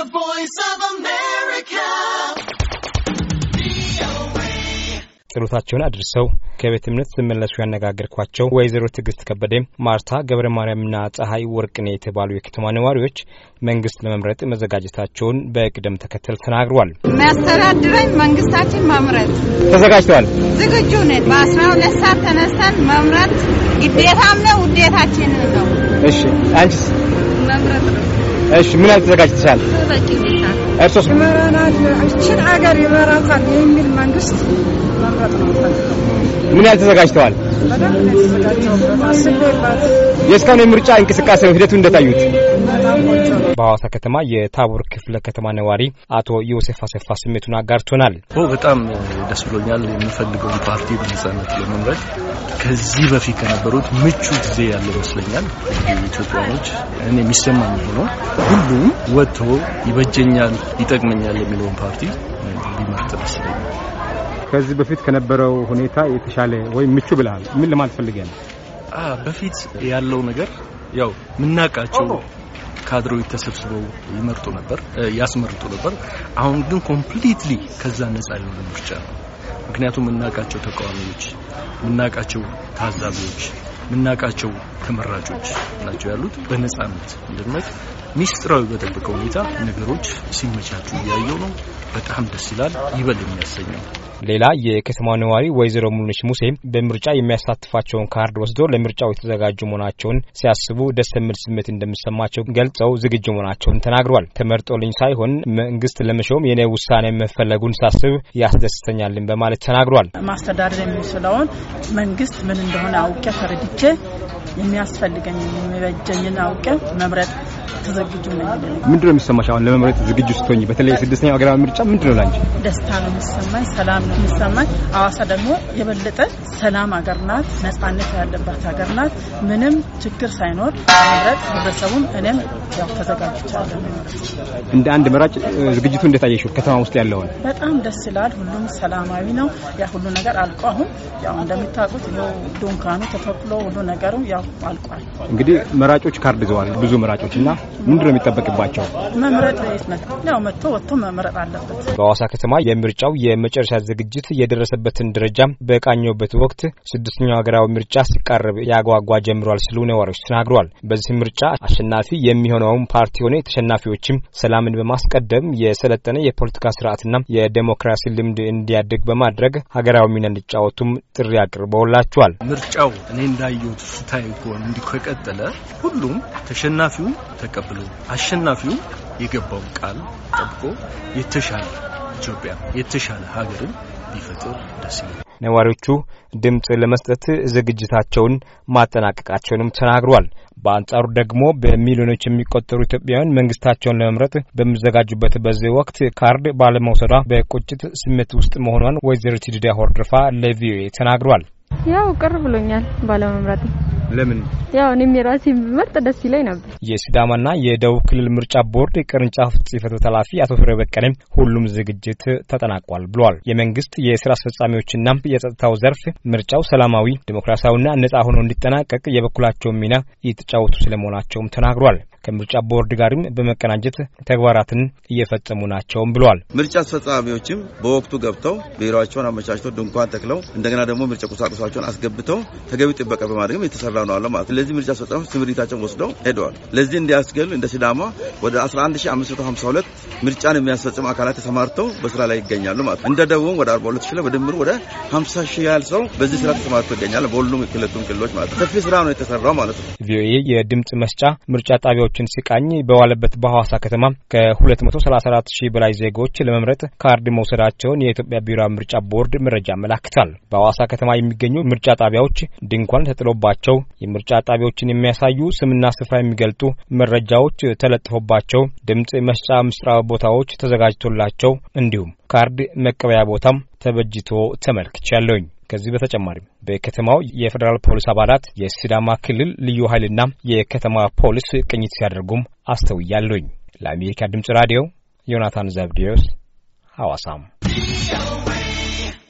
The Voice of America. ጸሎታቸውን አድርሰው ከቤተ እምነት ሲመለሱ ያነጋገርኳቸው ወይዘሮ ትዕግስት ከበደ፣ ማርታ ገብረ ማርያምና ፀሐይ ወርቅኔ የተባሉ የከተማ ነዋሪዎች መንግስት ለመምረጥ መዘጋጀታቸውን በቅደም ተከተል ተናግሯል። የሚያስተዳድረኝ መንግስታችን መምረጥ ተዘጋጅተዋል። ዝግጁ ነን። በአስራ ሁለት ሰዓት ተነስተን መምረጥ ግዴታም ነው፣ ውዴታችንን ነው። እሺ አንቺስ? መምረጥ ነው እሺ ምን ያህል ተዘጋጅተሻል? እርሶስ? ይመራናል፣ እችን አገር ይመራታል የሚል መንግስት መምረጥ ነው። ምን ያህል ተዘጋጅተዋል? የእስካሁን የምርጫ እንቅስቃሴ ነው ሂደቱ እንደታዩት በሐዋሳ ከተማ የታቦር ክፍለ ከተማ ነዋሪ አቶ ዮሴፍ አሰፋ ስሜቱን አጋርቶናል። በጣም ደስ ብሎኛል። የምፈልገውን ፓርቲ በነጻነት ለመምረጥ ከዚህ በፊት ከነበሩት ምቹ ጊዜ ያለ ይመስለኛል። ኢትዮጵያኖች እኔ የሚሰማኝ ሆኖ ሁሉም ወጥቶ ይበጀኛል፣ ይጠቅመኛል የሚለውን ፓርቲ ሊመርጥ ይመስለኛል። ከዚህ በፊት ከነበረው ሁኔታ የተሻለ ወይም ምቹ ብለሃል። ምን ለማለት ፈልገህ ነው? በፊት ያለው ነገር ያው ምናቃቸው ካድሮች ተሰብስበው ይመርጡ ነበር፣ ያስመርጡ ነበር። አሁን ግን ኮምፕሊትሊ ከዛ ነፃ የሆነ ምርጫ ነው። ምክንያቱም ምናቃቸው ተቃዋሚዎች፣ ምናቃቸው ታዛቢዎች፣ ምናቃቸው ተመራጮች ናቸው ያሉት በነፃነት እንድንመርጥ ሚስጥራዊ በጠበቀ ሁኔታ ነገሮች ሲመቻቹ እያየው ነው። በጣም ደስ ይላል። ይበል የሚያሰኘው ሌላ የከተማ ነዋሪ ወይዘሮ ሙሉነች ሙሴ በምርጫ የሚያሳትፋቸውን ካርድ ወስዶ ለምርጫው የተዘጋጁ መሆናቸውን ሲያስቡ ደስ የሚል ስሜት እንደሚሰማቸው ገልጸው ዝግጁ መሆናቸውን ተናግሯል። ተመርጦልኝ ሳይሆን መንግስት ለመሾም የኔ ውሳኔ መፈለጉን ሳስብ ያስደስተኛልን በማለት ተናግሯል። ማስተዳደር የሚችለውን መንግስት ምን እንደሆነ አውቄ ተረድቼ የሚያስፈልገኝ የሚበጀኝን አውቄ መምረጥ ተዘግጁ ነው። ምንድን የሚሰማሽ አሁን ለመምረጥ ዝግጁ ስትሆኝ፣ በተለይ ስድስተኛው ሀገራዊ ምርጫ ምንድን ላንቺ? ደስታ ነው የሚሰማኝ፣ ሰላም ነው የሚሰማኝ። አዋሳ ደግሞ የበለጠ ሰላም ሀገር ናት፣ ነጻነት ያለባት ሀገር ናት። ምንም ችግር ሳይኖር መምረጥ ህብረተሰቡም እኔም ያው ተዘጋጅቻለሁ። እንደ አንድ መራጭ ዝግጅቱ እንዴት አየሽው? ከተማ ውስጥ ያለውን በጣም ደስ ይላል። ሁሉም ሰላማዊ ነው። ያ ሁሉ ነገር አልቆ አሁን ያው እንደምታውቁት ይኸው ዶንካኑ ተተክሎ ሁሉ ነገሩ ያው አልቋል። እንግዲህ መራጮች ካርድ ይዘዋል ብዙ መራጮች እና ምንድን ነው የሚጠበቅባቸው? መምረጥ ያው መጥቶ ወጥቶ መምረጥ አለበት። በሐዋሳ ከተማ የምርጫው የመጨረሻ ዝግጅት የደረሰበትን ደረጃ በቃኘበት ወቅት ስድስተኛው ሀገራዊ ምርጫ ሲቃረብ ያጓጓ ጀምሯል ሲሉ ነዋሪዎች ተናግሯል። በዚህ ምርጫ አሸናፊ የሚሆነውም ፓርቲ ሆነ ተሸናፊዎችም ሰላምን በማስቀደም የሰለጠነ የፖለቲካ ስርዓትና የዴሞክራሲ ልምድ እንዲያድግ በማድረግ ሀገራዊ ሚና እንዲጫወቱም ጥሪ አቅርበውላቸዋል። ምርጫው እኔ እንዳየሁት ስታይ ከሆነ እንዲህ ከቀጠለ ሁሉም ተሸናፊው ተቀብሎ አሸናፊው የገባውን ቃል ጠብቆ የተሻለ ኢትዮጵያ የተሻለ ሀገርን ቢፈጥር ደስ ይላል። ነዋሪዎቹ ድምፅ ለመስጠት ዝግጅታቸውን ማጠናቀቃቸውንም ተናግሯል። በአንጻሩ ደግሞ በሚሊዮኖች የሚቆጠሩ ኢትዮጵያውያን መንግስታቸውን ለመምረጥ በሚዘጋጁበት በዚህ ወቅት ካርድ ባለመውሰዷ በቁጭት ስሜት ውስጥ መሆኗን ወይዘሮ ዲዳ ሆርድርፋ ለቪኦኤ ተናግሯል። ያው ቅር ብሎኛል ባለመምረጥ ለምን? ያው እኔም የራሴ ብመርጥ ደስ ይለኝ ነበር። የሲዳማና የደቡብ ክልል ምርጫ ቦርድ ቅርንጫፍ ጽህፈት ቤት ኃላፊ አቶ ፍሬ በቀለም ሁሉም ዝግጅት ተጠናቋል ብሏል። የመንግስት የስራ አስፈጻሚዎችና የጸጥታው ዘርፍ ምርጫው ሰላማዊ፣ ዴሞክራሲያዊና ነጻ ሆኖ እንዲጠናቀቅ የበኩላቸውን ሚና እየተጫወቱ ስለመሆናቸውም ተናግሯል። ከምርጫ ቦርድ ጋርም በመቀናጀት ተግባራትን እየፈጸሙ ናቸውም ብሏል። ምርጫ አስፈጻሚዎችም በወቅቱ ገብተው ቢሮቸውን አመቻችተው ድንኳን ተክለው እንደገና ደግሞ ምርጫ ቁሳቁሳቸውን አስገብተው ተገቢ ጥበቃ በማድረግም የተሰራ ነው አለ ማለት። ስለዚህ ምርጫ አስፈጻሚ ትምህርታቸውን ወስደው ሄደዋል። ለዚህ እንዲያስገል እንደ ሲዳማ ወደ 11552 ምርጫን የሚያስፈጽሙ አካላት ተሰማርተው በስራ ላይ ይገኛሉ ማለት እንደ ደቡብ ወደ 42 ሺህ በድምሩ ወደ 50 ሺህ ያህል ሰው በዚህ ስራ ተሰማርተው ይገኛል። በሁሉም ክልቱም ክልሎች ማለት ሰፊ ስራ ነው የተሰራው ማለት ነው። ቪኦኤ የድምጽ መስጫ ምርጫ ጣቢያዎችን ሲቃኝ በዋለበት በሐዋሳ ከተማ ከ234 ሺህ በላይ ዜጎች ለመምረጥ ካርድ መውሰዳቸውን የኢትዮጵያ ብሔራዊ ምርጫ ቦርድ መረጃ ያመላክታል። በሐዋሳ ከተማ የሚገኙ ምርጫ ጣቢያዎች ድንኳን ተጥሎባቸው የምርጫ ጣቢያዎችን የሚያሳዩ ስምና ስፍራ የሚገልጡ መረጃዎች ተለጥፎባቸው ድምፅ መስጫ ምስራ ቦታዎች ተዘጋጅቶላቸው እንዲሁም ካርድ መቀበያ ቦታም ተበጅቶ ተመልክቻለሁኝ። ከዚህ በተጨማሪም በከተማው የፌዴራል ፖሊስ አባላት የሲዳማ ክልል ልዩ ኃይልና የከተማ ፖሊስ ቅኝት ሲያደርጉም አስተውያለሁኝ። ለአሜሪካ ድምፅ ራዲዮ ዮናታን ዘብዲዮስ ሐዋሳም